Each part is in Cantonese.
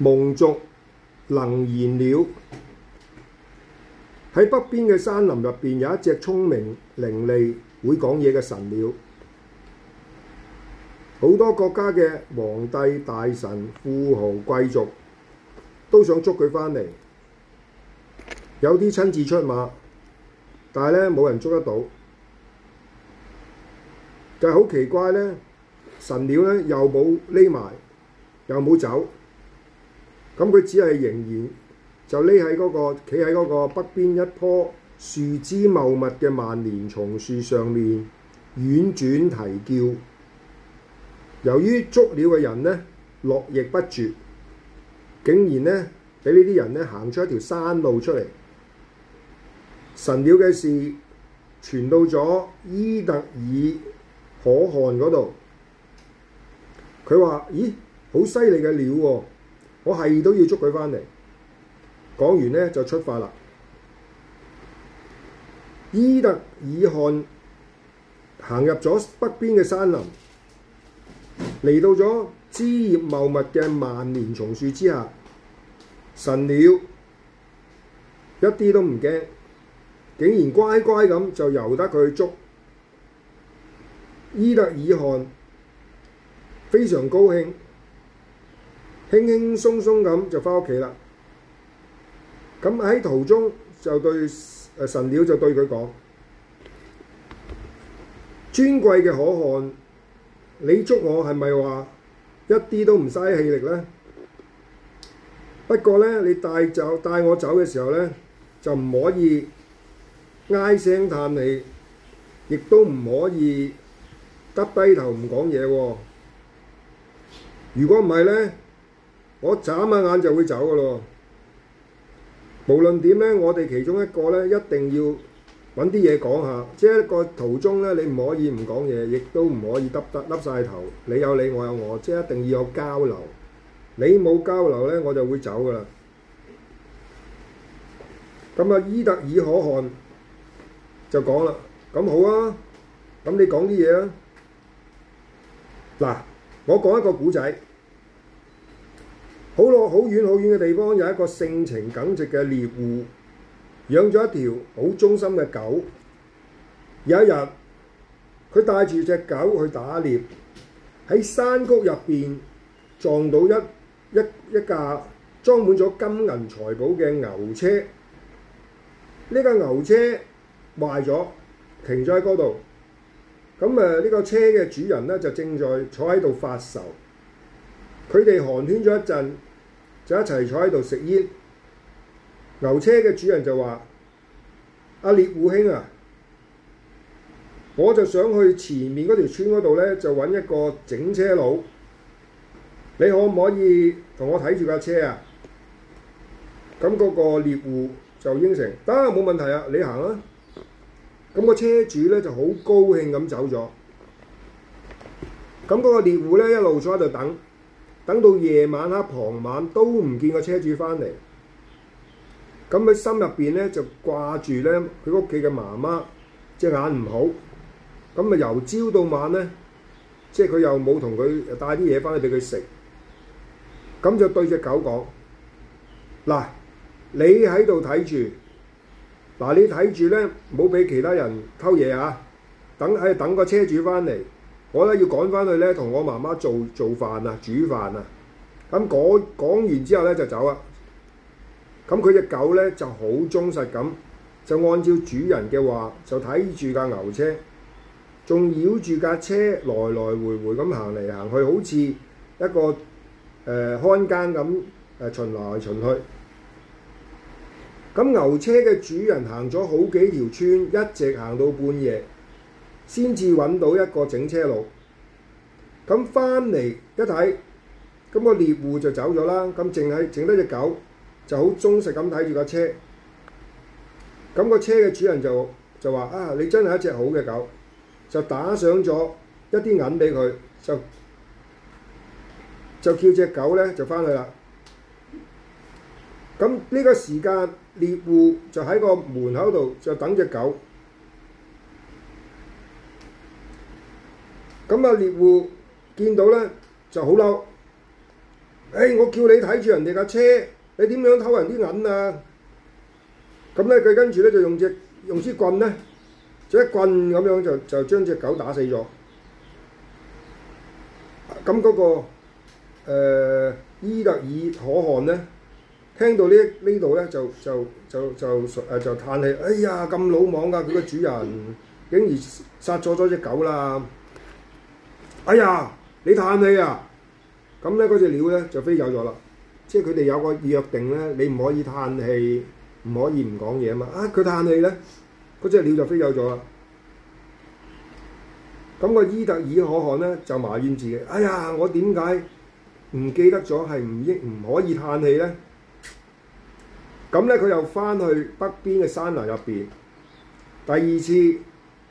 蒙族能言鳥。喺北邊嘅山林入邊有一隻聰明伶俐、會講嘢嘅神鳥，好多國家嘅皇帝大臣、富豪貴族都想捉佢翻嚟，有啲親自出馬，但係咧冇人捉得到，就係、是、好奇怪咧，神鳥咧又冇匿埋又冇走。咁佢只係仍然就匿喺嗰個企喺嗰個北邊一棵樹枝茂密嘅萬年松樹上面，婉轉啼叫。由於捉鳥嘅人呢，絡繹不絕，竟然呢俾呢啲人呢行出一條山路出嚟。神鳥嘅事傳到咗伊特爾可汗嗰度，佢話：咦，好犀利嘅鳥喎！我係都要捉佢返嚟。講完呢就出發啦。伊特爾汗行入咗北邊嘅山林，嚟到咗枝葉茂密嘅萬年松樹之下，神鳥一啲都唔驚，竟然乖乖咁就由得佢捉。伊特爾汗非常高興。輕輕鬆鬆咁就翻屋企啦。咁喺途中就對神鳥就對佢講： 尊貴嘅可汗，你捉我係咪話一啲都唔嘥氣力呢？不過咧，你帶走帶我走嘅時候咧，就唔可以唉聲嘆氣，亦都唔可以耷低頭唔講嘢喎。如果唔係咧，我眨下眼就會走噶咯，無論點咧，我哋其中一個咧一定要揾啲嘢講下，即係一個途中咧，你唔可以唔講嘢，亦都唔可以耷耷耷曬頭，你有你，我有我，即係一定要有交流。你冇交流咧，我就會走噶啦。咁啊，伊特爾可汗就講啦，咁好啊，咁你講啲嘢啊。嗱，我講一個故仔。好耐好遠好遠嘅地方，有一個性情耿直嘅獵戶，養咗一條好忠心嘅狗。有一日，佢帶住隻狗去打獵，喺山谷入邊撞到一一一架裝滿咗金銀財寶嘅牛車。呢架牛車壞咗，停咗喺嗰度。咁誒，呢個車嘅主人咧就正在坐喺度發愁。佢哋寒暄咗一陣。就一齊坐喺度食煙。牛車嘅主人就話：阿獵戶兄啊，我就想去前面嗰條村嗰度咧，就揾一個整車佬。你可唔可以同我睇住架車啊？咁嗰個獵戶就應承：得，冇問題啊，你行啦。咁個車主咧就好高興咁走咗。咁嗰個獵戶咧一路坐喺度等。等到夜晚黑，傍晚都唔見個車主翻嚟，咁佢心入邊咧就掛住咧佢屋企嘅媽媽隻眼唔好，咁啊由朝到晚咧，即係佢又冇同佢帶啲嘢翻去俾佢食，咁就對隻狗講：嗱，你喺度睇住，嗱你睇住咧，唔好俾其他人偷嘢啊！等喺度等個車主翻嚟。我咧要趕翻去咧，同我媽媽做做飯啊，煮飯啊。咁講講完之後咧就走啦。咁佢隻狗咧就好忠實咁，就按照主人嘅話，就睇住架牛車，仲繞住架車來來回回咁行嚟行去，好似一個誒、呃、看更咁誒巡來巡去。咁牛車嘅主人行咗好幾條村，一直行到半夜。先至揾到一個整車佬，咁翻嚟一睇，咁個獵戶就走咗啦，咁淨係整多隻狗，就好忠實咁睇住架車，咁個車嘅主人就就話啊，你真係一隻好嘅狗，就打上咗一啲銀俾佢，就就叫隻狗咧就翻去啦。咁呢個時間，獵戶就喺個門口度就等隻狗。咁啊！獵戶見到咧就好嬲，誒、哎！我叫你睇住人哋架車，你點樣偷人啲銀啊？咁咧，佢跟住咧就用只用支棍咧，就一棍咁樣就就將隻狗打死咗。咁嗰、那個、呃、伊特爾可汗咧，聽到呢呢度咧就就就就誒就，就，就嘆氣，哎呀！咁魯莽噶佢個主人，竟然殺咗咗隻狗啦～哎呀，你嘆氣啊！咁咧嗰隻鳥咧就飛走咗啦。即係佢哋有個約定咧，你唔可以嘆氣，唔可以唔講嘢啊嘛。啊，佢嘆氣咧，嗰隻鳥就飛走咗啦。咁個伊特爾可汗咧就埋怨自己：哎呀，我點解唔記得咗係唔應唔可以嘆氣咧？咁咧佢又翻去北邊嘅山林入邊，第二次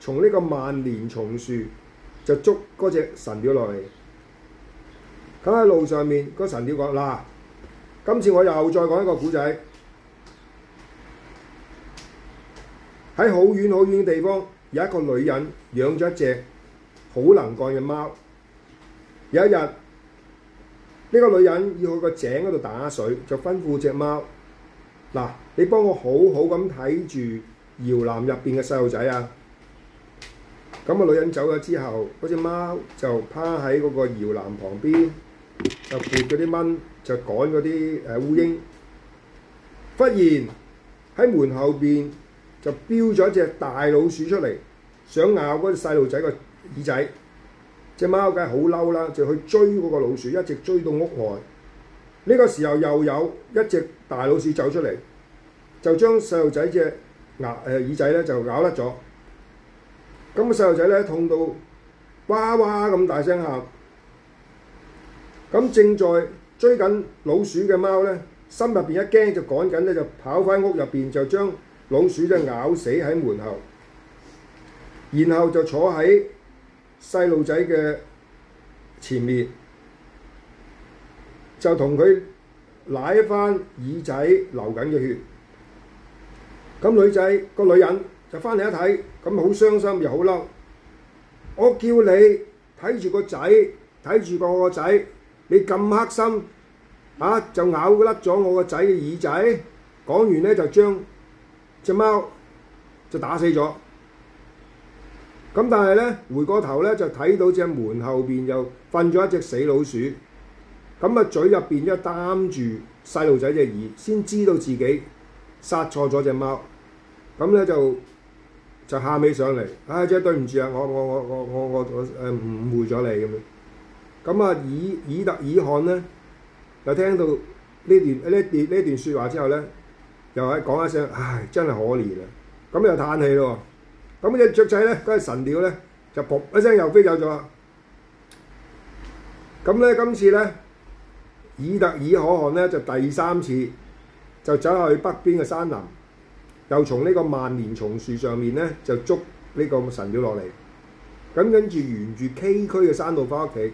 從呢個萬年松樹。就捉嗰隻神鳥落嚟，咁喺路上面，嗰、那個、神鳥講：嗱、啊，今次我又再講一個古仔。喺好遠好遠嘅地方，有一個女人養咗一隻好能幹嘅貓。有一日，呢、這個女人要去個井嗰度打水，就吩咐隻貓：嗱、啊，你幫我好好咁睇住搖籃入邊嘅細路仔啊！咁個女人走咗之後，嗰隻貓就趴喺嗰個搖籃旁邊，就撥嗰啲蚊，就趕嗰啲誒烏蠅。忽然喺門後邊就飆咗一隻大老鼠出嚟，想咬嗰個細路仔個耳仔。隻貓梗係好嬲啦，就去追嗰個老鼠，一直追到屋外。呢個時候又有一隻大老鼠走出嚟，就將細路仔隻牙誒耳仔咧就咬甩咗。咁個細路仔咧痛到哇哇咁大聲喊，咁正在追緊老鼠嘅貓咧，心入邊一驚就趕緊咧就跑翻屋入邊就將老鼠咧咬死喺門口，然後就坐喺細路仔嘅前面，就同佢舐翻耳仔流緊嘅血，咁女仔、個女人。就翻嚟一睇，咁好傷心又好嬲。我叫你睇住個仔，睇住個個仔，你咁黑心嚇、啊、就咬甩咗我個仔嘅耳仔。講完咧就將隻貓就打死咗。咁但係咧回過頭咧就睇到隻門後邊又瞓咗一隻死老鼠。咁啊嘴入邊一擔住細路仔隻耳，先知道自己殺錯咗隻貓。咁咧就～就喊起上嚟，唉、哎，真係對唔住啊，我我我我我我誒誤會咗你咁樣。咁啊，以以特爾汗咧，就聽到呢段呢段呢段説話之後咧，又喺講一聲，唉，真係可憐啊！咁又嘆氣咯。咁隻雀仔咧，嗰隻神鳥咧，就噗一聲又飛走咗。咁咧，今次咧，以特爾可汗咧就第三次就走去北邊嘅山林。就從呢個萬年松樹上面咧，就捉呢個神鳥落嚟。咁跟住沿住崎嶇嘅山路返屋企。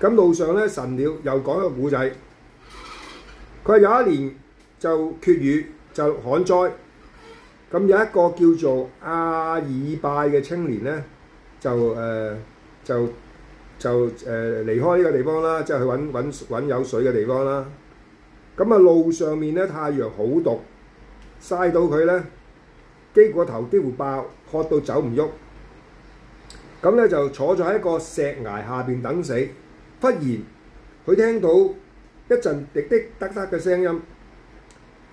咁路上咧，神鳥又講一個故仔。佢話有一年就缺雨，就旱災，咁有一個叫做阿爾拜嘅青年咧，就誒、呃、就就誒、呃、離開呢個地方啦，即、就、係、是、去揾揾揾有水嘅地方啦。咁啊，路上面咧，太陽好毒。曬到佢咧，機個頭幾乎爆，渴到走唔喐。咁咧就坐咗喺一個石崖下邊等死。忽然佢聽到一陣滴滴答答嘅聲音，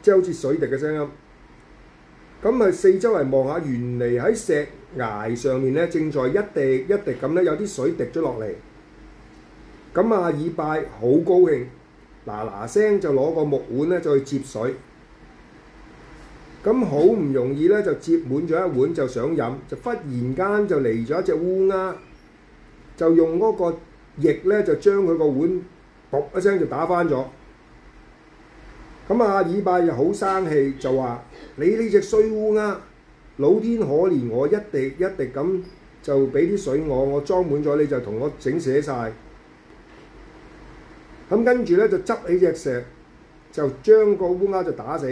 即係好似水滴嘅聲音。咁啊，佢四周圍望下，原嚟喺石崖上面咧，正在一滴一滴咁咧有啲水滴咗落嚟。咁啊，以拜好高興，嗱嗱聲就攞個木碗咧就去接水。咁好唔容易咧就接滿咗一碗就想飲，就忽然間就嚟咗一隻烏鴉，就用嗰個翼咧就將佢個碗噗一聲就打翻咗。咁啊，爾拜又好生氣，就話：「你呢隻衰烏鴉，老天可憐我一，一滴一滴咁就俾啲水我，我裝滿咗你就同我整死晒。」咁跟住咧就執起隻石，就將個烏鴉就打死。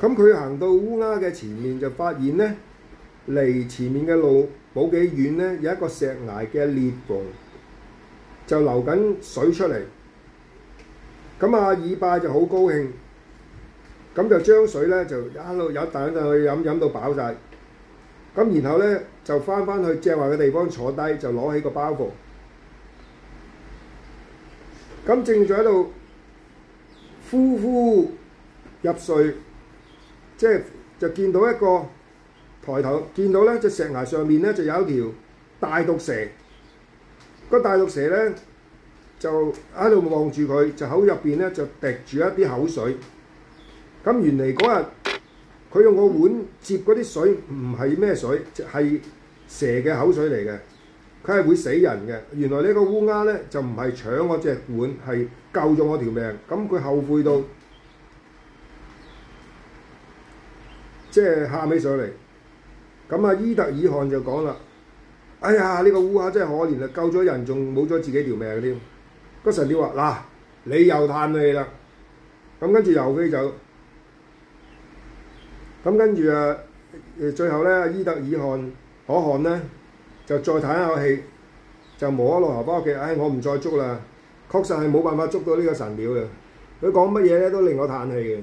咁佢行到烏鴉嘅前面，就發現呢，離前面嘅路冇幾遠呢，有一個石崖嘅裂縫，就流緊水出嚟。咁阿爾拜就好高興，咁就將水呢，就一路一啖一啖就去飲，飲到飽晒。咁然後呢，就翻返去正話嘅地方坐低，就攞起個包袱。咁正在喺度呼呼入睡。即係就見到一個抬頭，見到咧隻石崖上面咧就有一條大毒蛇，個大毒蛇咧就喺度望住佢，就口入邊咧就滴住一啲口水。咁原嚟嗰日佢用個碗接嗰啲水唔係咩水，係蛇嘅口水嚟嘅。佢係會死人嘅。原來呢個烏鴉咧就唔係搶我隻碗，係救咗我條命。咁佢後悔到。即係喊起上嚟，咁啊伊特爾汗就講啦：哎呀呢個烏鴉真係可憐啦，救咗人仲冇咗自己條命添。個、啊、神鳥話：嗱、啊，你又嘆氣啦，咁跟住又飛走，咁跟住啊，最後咧伊特爾汗可汗咧就再嘆一口氣，就無可奈何翻屋企，唉、哎、我唔再捉啦，確實係冇辦法捉到呢個神鳥嘅。佢講乜嘢咧都令我嘆氣嘅。